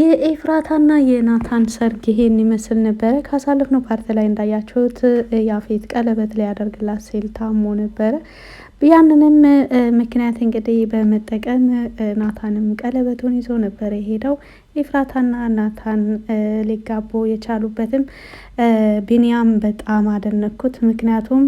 የኤፍራታና የናታን ሰርግ ይሄን ይመስል ነበረ። ካሳለፍነው ፓርቲ ላይ እንዳያችሁት ያፌት ቀለበት ሊያደርግላት ሲል ታሞ ነበረ። ያንንም ምክንያት እንግዲህ በመጠቀም ናታንም ቀለበቱን ይዞ ነበር የሄደው። ኤፍራታና ናታን ሊጋቡ የቻሉበትም ቢንያም በጣም አደነኩት። ምክንያቱም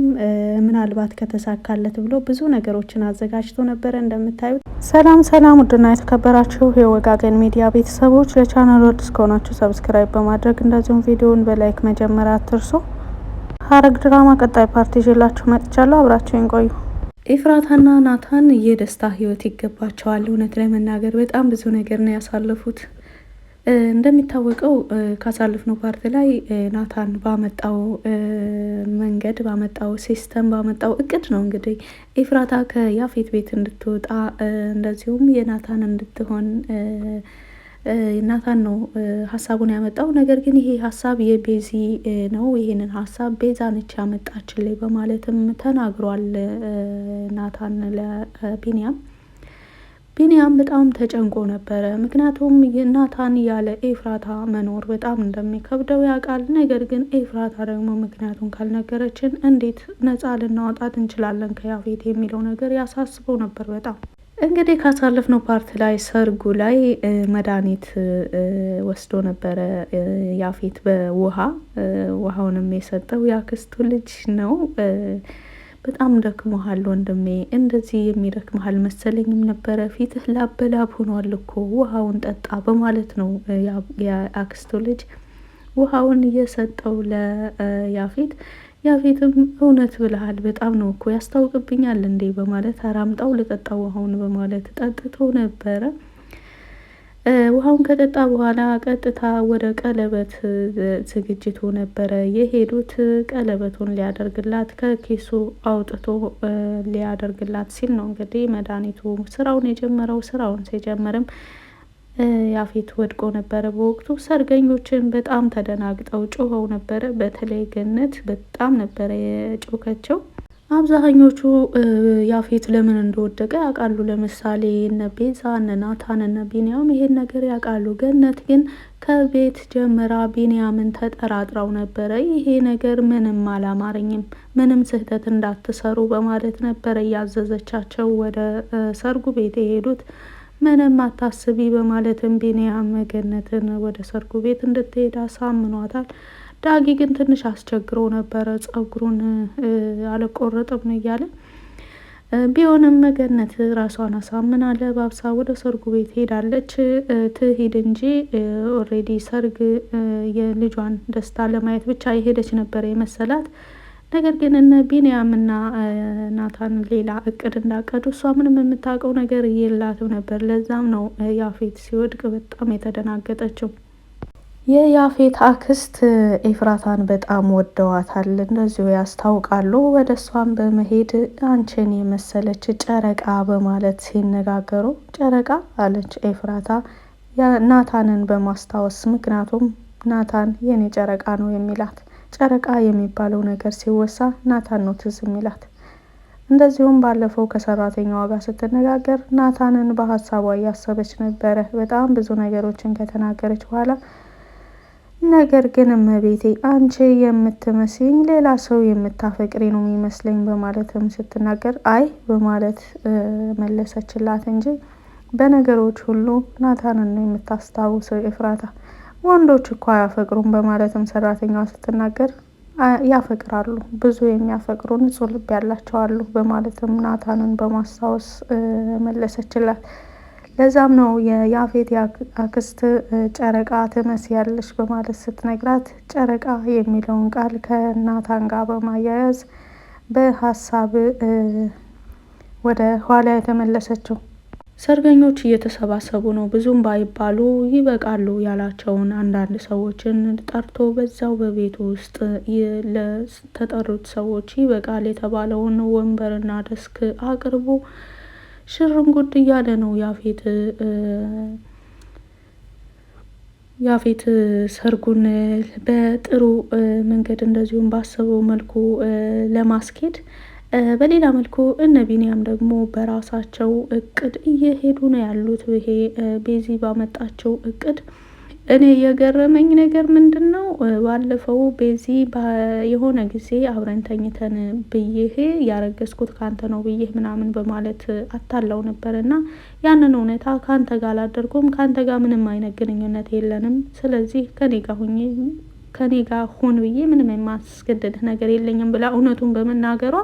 ምናልባት ከተሳካለት ብሎ ብዙ ነገሮችን አዘጋጅቶ ነበረ እንደምታዩት። ሰላም ሰላም፣ ውድና የተከበራችሁ የወጋገን ሚዲያ ቤተሰቦች ለቻናሉ አዲስ ከሆናችሁ ሰብስክራይብ በማድረግ እንደዚሁም ቪዲዮን በላይክ መጀመሪያ አትርሱ። ሐረግ ድራማ ቀጣይ ፓርቲ ይዤላችሁ መጥቻለሁ። አብራችሁን ቆዩ። ኤፍራታና ናታን የደስታ ህይወት ይገባቸዋል። እውነት ለመናገር በጣም ብዙ ነገር ነው ያሳለፉት። እንደሚታወቀው ካሳለፍነው ፓርት ላይ ናታን ባመጣው መንገድ ባመጣው ሲስተም ባመጣው እቅድ ነው እንግዲህ ኤፍራታ ከያፌት ቤት እንድትወጣ እንደዚሁም የናታን እንድትሆን ናታን ነው ሀሳቡን ያመጣው። ነገር ግን ይሄ ሀሳብ የቤዚ ነው፣ ይህንን ሀሳብ ቤዛ ነች ላይ በማለትም ተናግሯል ናታን ለቢንያም። ቢንያም በጣም ተጨንቆ ነበረ። ምክንያቱም ናታን ያለ ኤፍራታ መኖር በጣም እንደሚከብደው ያውቃል። ነገር ግን ኤፍራታ ደግሞ ምክንያቱን ካልነገረችን እንዴት ነፃ ልናወጣት እንችላለን ከያፌት የሚለው ነገር ያሳስበው ነበር በጣም እንግዲህ ካሳለፍነው ፓርት ላይ ሰርጉ ላይ መድኃኒት ወስዶ ነበረ ያፌት በውሃ ውሃውንም የሰጠው ያክስቱ ልጅ ነው። በጣም ደክመሃል ወንድሜ፣ እንደዚህ የሚደክመሃል መሰለኝም ነበረ ፊትህ ላበላብ ሆኗል እኮ ውሃውን ጠጣ በማለት ነው የአክስቱ ልጅ ውሃውን እየሰጠው ለያፌት ያፌትም እውነት ብልሃል፣ በጣም ነው እኮ ያስታውቅብኛል እንዴ በማለት አራምጣው ልጠጣው ውሃውን በማለት ጠጥቶ ነበረ። ውሃውን ከጠጣ በኋላ ቀጥታ ወደ ቀለበት ዝግጅቱ ነበረ የሄዱት። ቀለበቱን ሊያደርግላት ከኪሱ አውጥቶ ሊያደርግላት ሲል ነው እንግዲህ መድኃኒቱ ስራውን የጀመረው። ስራውን ሲጀመርም ያፌት ወድቆ ነበረ። በወቅቱ ሰርገኞችን በጣም ተደናግጠው ጮኸው ነበረ። በተለይ ገነት በጣም ነበረ የጮከቸው። አብዛኞቹ ያፌት ለምን እንደወደቀ ያውቃሉ። ለምሳሌ እነ ቤዛ፣ እነ ናታን፣ እነ ቢንያም ይሄን ነገር ያውቃሉ። ገነት ግን ከቤት ጀምራ ቢንያምን ተጠራጥረው ነበረ። ይሄ ነገር ምንም አላማረኝም፣ ምንም ስህተት እንዳትሰሩ በማለት ነበረ እያዘዘቻቸው ወደ ሰርጉ ቤት የሄዱት። ምንም አታስቢ በማለትም ቢኒያም ገነትን ወደ ሰርጉ ቤት እንድትሄድ አሳምኗታል። ዳጊ ግን ትንሽ አስቸግሮ ነበረ ጸጉሩን አልቆረጥም እያለ ቢሆንም ገነት ራሷን አሳምና ለባብሳ ወደ ሰርጉ ቤት ሄዳለች። ትሂድ እንጂ ኦሬዲ ሰርግ የልጇን ደስታ ለማየት ብቻ የሄደች ነበረ የመሰላት ነገር ግን እነ ቢንያምና ናታን ሌላ እቅድ እንዳቀዱ እሷ ምንም የምታውቀው ነገር የላትም ነበር። ለዛም ነው ያፌት ሲወድቅ በጣም የተደናገጠችው። የያፌት አክስት ኤፍራታን በጣም ወደዋታል፣ እንደዚሁ ያስታውቃሉ። ወደ እሷን በመሄድ አንቺን የመሰለች ጨረቃ በማለት ሲነጋገሩ ጨረቃ አለች ኤፍራታ ናታንን በማስታወስ ምክንያቱም ናታን የኔ ጨረቃ ነው የሚላት ጨረቃ የሚባለው ነገር ሲወሳ ናታን ነው ትዝ የሚላት። እንደዚሁም ባለፈው ከሰራተኛዋ ጋር ስትነጋገር ናታንን በሀሳቧ እያሰበች ነበረ፣ በጣም ብዙ ነገሮችን ከተናገረች በኋላ ነገር ግን እመቤቴ አንቺ የምትመስኝ ሌላ ሰው የምታፈቅሪ ነው የሚመስለኝ በማለትም ስትናገር አይ በማለት መለሰችላት እንጂ በነገሮች ሁሉ ናታንን ነው የምታስታውሰው ኤፍራታ። ወንዶች እኮ አያፈቅሩም በማለትም ሰራተኛዋ ስትናገር ያፈቅራሉ፣ ብዙ የሚያፈቅሩ ንጹህ ልብ ያላቸው አሉ በማለትም ናታንን በማስታወስ መለሰችላት። ለዛም ነው የያፌት አክስት ጨረቃ ትመስያለች በማለት ስትነግራት ጨረቃ የሚለውን ቃል ከናታን ጋር በማያያዝ በሀሳብ ወደ ኋላ የተመለሰችው። ሰርገኞች እየተሰባሰቡ ነው። ብዙም ባይባሉ ይበቃሉ ያላቸውን አንዳንድ ሰዎችን ጠርቶ በዛው በቤቱ ውስጥ ለተጠሩት ሰዎች ይበቃል የተባለውን ወንበርና ደስክ አቅርቦ ሽርንጉድ እያለ ነው ያፌት ያፌት ሰርጉን በጥሩ መንገድ እንደዚሁም ባሰበው መልኩ ለማስኬድ በሌላ መልኩ እነ ቢንያም ደግሞ በራሳቸው እቅድ እየሄዱ ነው ያሉት። ይሄ ቤዚ ባመጣቸው እቅድ እኔ የገረመኝ ነገር ምንድን ነው፣ ባለፈው ቤዚ የሆነ ጊዜ አብረን ተኝተን ብዬህ ያረገዝኩት ከአንተ ነው ብይህ ምናምን በማለት አታለው ነበር እና ያንን እውነታ ከአንተ ጋር አላደርጎም ከአንተ ጋር ምንም አይነት ግንኙነት የለንም፣ ስለዚህ ከኔ ጋር ሁኜ ከኔ ጋር ሁን ብዬ ምንም የማስገደድህ ነገር የለኝም ብላ እውነቱን በመናገሯ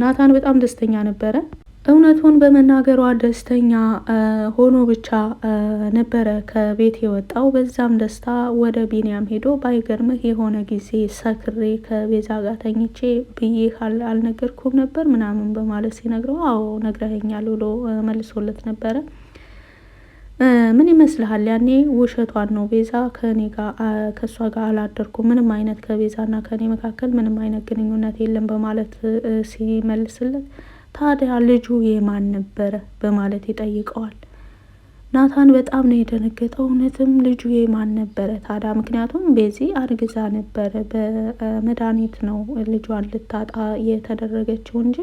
ናታን በጣም ደስተኛ ነበረ። እውነቱን በመናገሯ ደስተኛ ሆኖ ብቻ ነበረ ከቤት የወጣው። በዛም ደስታ ወደ ቢንያም ሄዶ ባይገርምህ የሆነ ጊዜ ሰክሬ ከቤዛ ጋር ተኝቼ ብዬ አልነገርኩም ነበር ምናምን በማለት ሲነግረው አዎ ነግረኸኛል ብሎ መልሶለት ነበረ። ምን ይመስልሃል? ያኔ ውሸቷን ነው ቤዛ ከእኔ ጋር ከእሷ ጋር አላደርኩ ምንም አይነት ከቤዛና ከኔ መካከል ምንም አይነት ግንኙነት የለም በማለት ሲመልስለት ታዲያ ልጁ የማን ነበረ በማለት ይጠይቀዋል። ናታን በጣም ነው የደነገጠው። እውነትም ልጁ የማን ነበረ ታዲያ? ምክንያቱም ቤዚ አርግዛ ነበረ፣ በመድኃኒት ነው ልጇን ልታጣ የተደረገችው እንጂ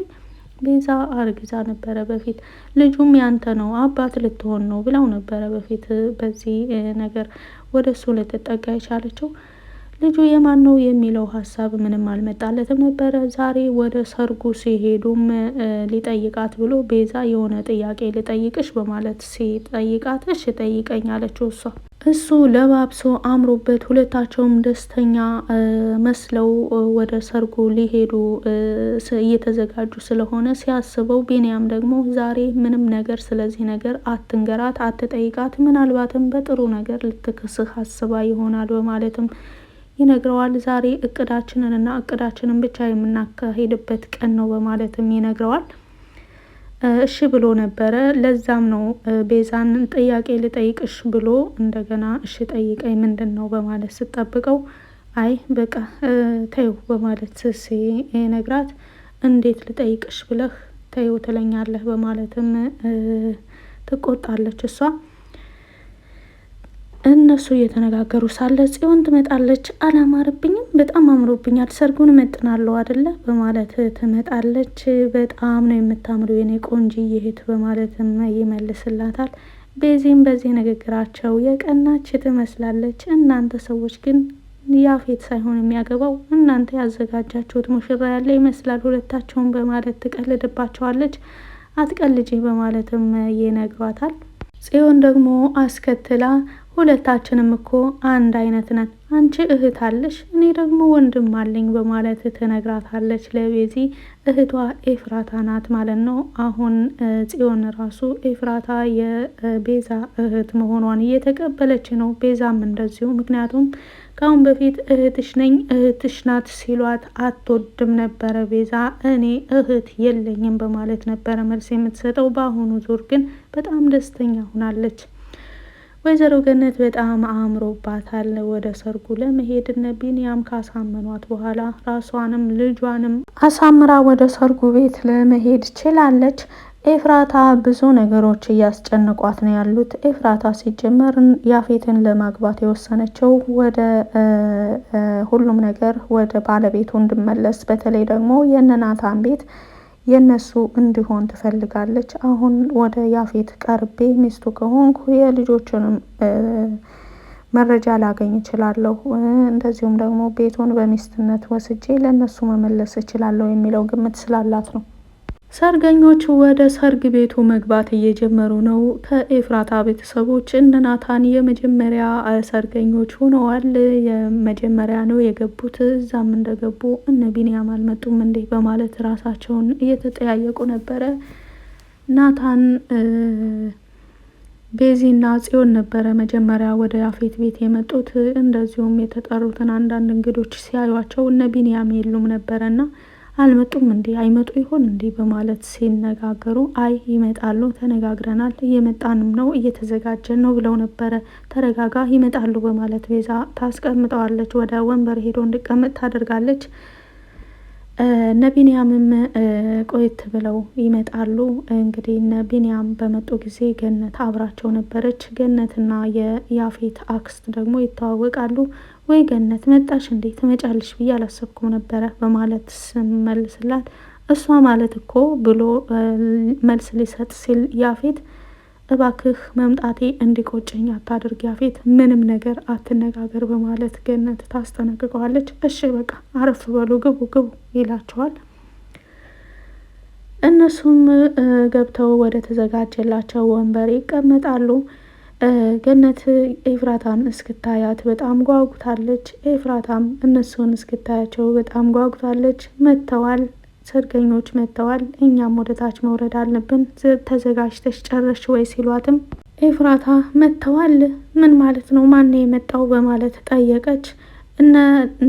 ቤዛ አርግዛ ነበረ በፊት። ልጁም ያንተ ነው አባት ልትሆን ነው ብለው ነበረ በፊት። በዚህ ነገር ወደ እሱ ልትጠጋ የቻለችው ልጁ የማን ነው የሚለው ሀሳብ ምንም አልመጣለትም ነበረ። ዛሬ ወደ ሰርጉ ሲሄዱም ሊጠይቃት ብሎ ቤዛ የሆነ ጥያቄ ልጠይቅሽ በማለት ሲጠይቃት እሺ ጠይቀኝ አለችው እሷ እሱ ለባብሶ አምሮበት ሁለታቸውም ደስተኛ መስለው ወደ ሰርጉ ሊሄዱ እየተዘጋጁ ስለሆነ ሲያስበው፣ ቢንያም ደግሞ ዛሬ ምንም ነገር ስለዚህ ነገር አትንገራት፣ አትጠይቃት፣ ምናልባትም በጥሩ ነገር ልትክስህ አስባ ይሆናል በማለትም ይነግረዋል። ዛሬ እቅዳችንን እና እቅዳችንን ብቻ የምናካሄድበት ቀን ነው በማለትም ይነግረዋል። እሺ ብሎ ነበረ። ለዛም ነው ቤዛን ጥያቄ ልጠይቅሽ ብሎ እንደገና እሺ ጠይቀኝ ምንድን ነው በማለት ስጠብቀው አይ በቃ ተይው በማለት ሲነግራት እንዴት ልጠይቅሽ ብለህ ተይው ትለኛለህ በማለትም ትቆጣለች እሷ። እነሱ እየተነጋገሩ ሳለ ጽዮን ትመጣለች። አላማረብኝም፣ በጣም አምሮብኛል፣ ሰርጉን እመጥናለሁ አደለ በማለት ትመጣለች። በጣም ነው የምታምሩ የኔ ቆንጂ ይሄት በማለትም ይመልስላታል። ቤዚም በዚህ ንግግራቸው የቀናች ትመስላለች። እናንተ ሰዎች ግን ያፌት ሳይሆን የሚያገባው እናንተ ያዘጋጃችሁት ሙሽራ ያለ ይመስላል ሁለታቸውን በማለት ትቀልድባቸዋለች። አትቀልጂ በማለትም ይነግሯታል። ጽዮን ደግሞ አስከትላ ሁለታችንም እኮ አንድ አይነት ነን። አንቺ እህት አለሽ፣ እኔ ደግሞ ወንድም አለኝ በማለት ትነግራታለች። ለቤዚ እህቷ ኤፍራታ ናት ማለት ነው። አሁን ጽዮን ራሱ ኤፍራታ የቤዛ እህት መሆኗን እየተቀበለች ነው። ቤዛም እንደዚሁ። ምክንያቱም ከአሁን በፊት እህትሽ ነኝ እህትሽ ናት ሲሏት አትወድም ነበረ ቤዛ። እኔ እህት የለኝም በማለት ነበረ መልስ የምትሰጠው። በአሁኑ ዙር ግን በጣም ደስተኛ ሆናለች። ወይዘሮ ገነት በጣም አምሮባታል። ወደ ሰርጉ ለመሄድ እነ ቢንያም ካሳመኗት በኋላ ራሷንም ልጇንም አሳምራ ወደ ሰርጉ ቤት ለመሄድ ችላለች። ኤፍራታ ብዙ ነገሮች እያስጨንቋት ነው ያሉት። ኤፍራታ ሲጀመር ያፌትን ለማግባት የወሰነችው ወደ ሁሉም ነገር ወደ ባለቤቱ እንድመለስ በተለይ ደግሞ የነናታን ቤት የነሱ እንዲሆን ትፈልጋለች። አሁን ወደ ያፌት ቀርቤ ሚስቱ ከሆንኩ የልጆችንም መረጃ ላገኝ እችላለሁ፣ እንደዚሁም ደግሞ ቤቱን በሚስትነት ወስጄ ለእነሱ መመለስ እችላለሁ የሚለው ግምት ስላላት ነው። ሰርገኞች ወደ ሰርግ ቤቱ መግባት እየጀመሩ ነው። ከኤፍራታ ቤተሰቦች እነ ናታን የመጀመሪያ ሰርገኞች ሆነዋል። የመጀመሪያ ነው የገቡት። እዛም እንደገቡ እነ ቢንያም አልመጡም እንዴ በማለት ራሳቸውን እየተጠያየቁ ነበረ። ናታን ቤዚና ጽዮን ነበረ መጀመሪያ ወደ አፌት ቤት የመጡት። እንደዚሁም የተጠሩትን አንዳንድ እንግዶች ሲያዩቸው እነ ቢንያም የሉም ነበረና አልመጡም እንዴ አይመጡ ይሆን እንዴ በማለት ሲነጋገሩ፣ አይ ይመጣሉ፣ ተነጋግረናል፣ እየመጣንም ነው፣ እየተዘጋጀን ነው ብለው ነበረ፣ ተረጋጋ፣ ይመጣሉ በማለት ቤዛ ታስቀምጠዋለች። ወደ ወንበር ሄዶ እንዲቀመጥ ታደርጋለች። እነ ቢንያምም ቆየት ብለው ይመጣሉ። እንግዲህ እነ ቢንያም በመጡ ጊዜ ገነት አብራቸው ነበረች። ገነትና የያፌት አክስት ደግሞ ይተዋወቃሉ። ወይ ገነት መጣሽ እንዴ ትመጫለሽ ብዬ አላሰብኩም ነበረ በማለት ስመልስላት እሷ ማለት እኮ ብሎ መልስ ሊሰጥ ሲል ያፌት እባክህ መምጣቴ እንዲቆጨኝ አታድርግ ያፌት፣ ምንም ነገር አትነጋገር በማለት ገነት ታስጠነቅቀዋለች። እሺ በቃ አረፍ በሉ ግቡ ግቡ ይላቸዋል። እነሱም ገብተው ወደ ተዘጋጀላቸው ወንበር ይቀመጣሉ። ገነት ኤፍራታን እስክታያት በጣም ጓጉታለች። ኤፍራታም እነሱን እስክታያቸው በጣም ጓጉታለች። መጥተዋል። ሰርገኞች መጥተዋል፣ እኛም ወደ ታች መውረድ አለብን፣ ተዘጋጅተሽ ጨረሽ ወይ ሲሏትም ኤፍራታ መጥተዋል፣ ምን ማለት ነው? ማን የመጣው በማለት ጠየቀች። እነ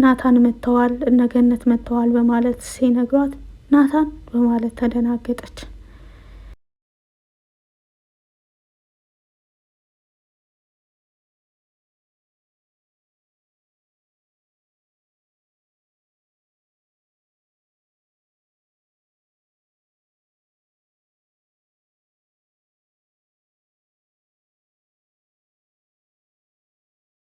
ናታን መጥተዋል፣ እነ ገነት መጥተዋል በማለት ሲነግሯት ናታን በማለት ተደናገጠች።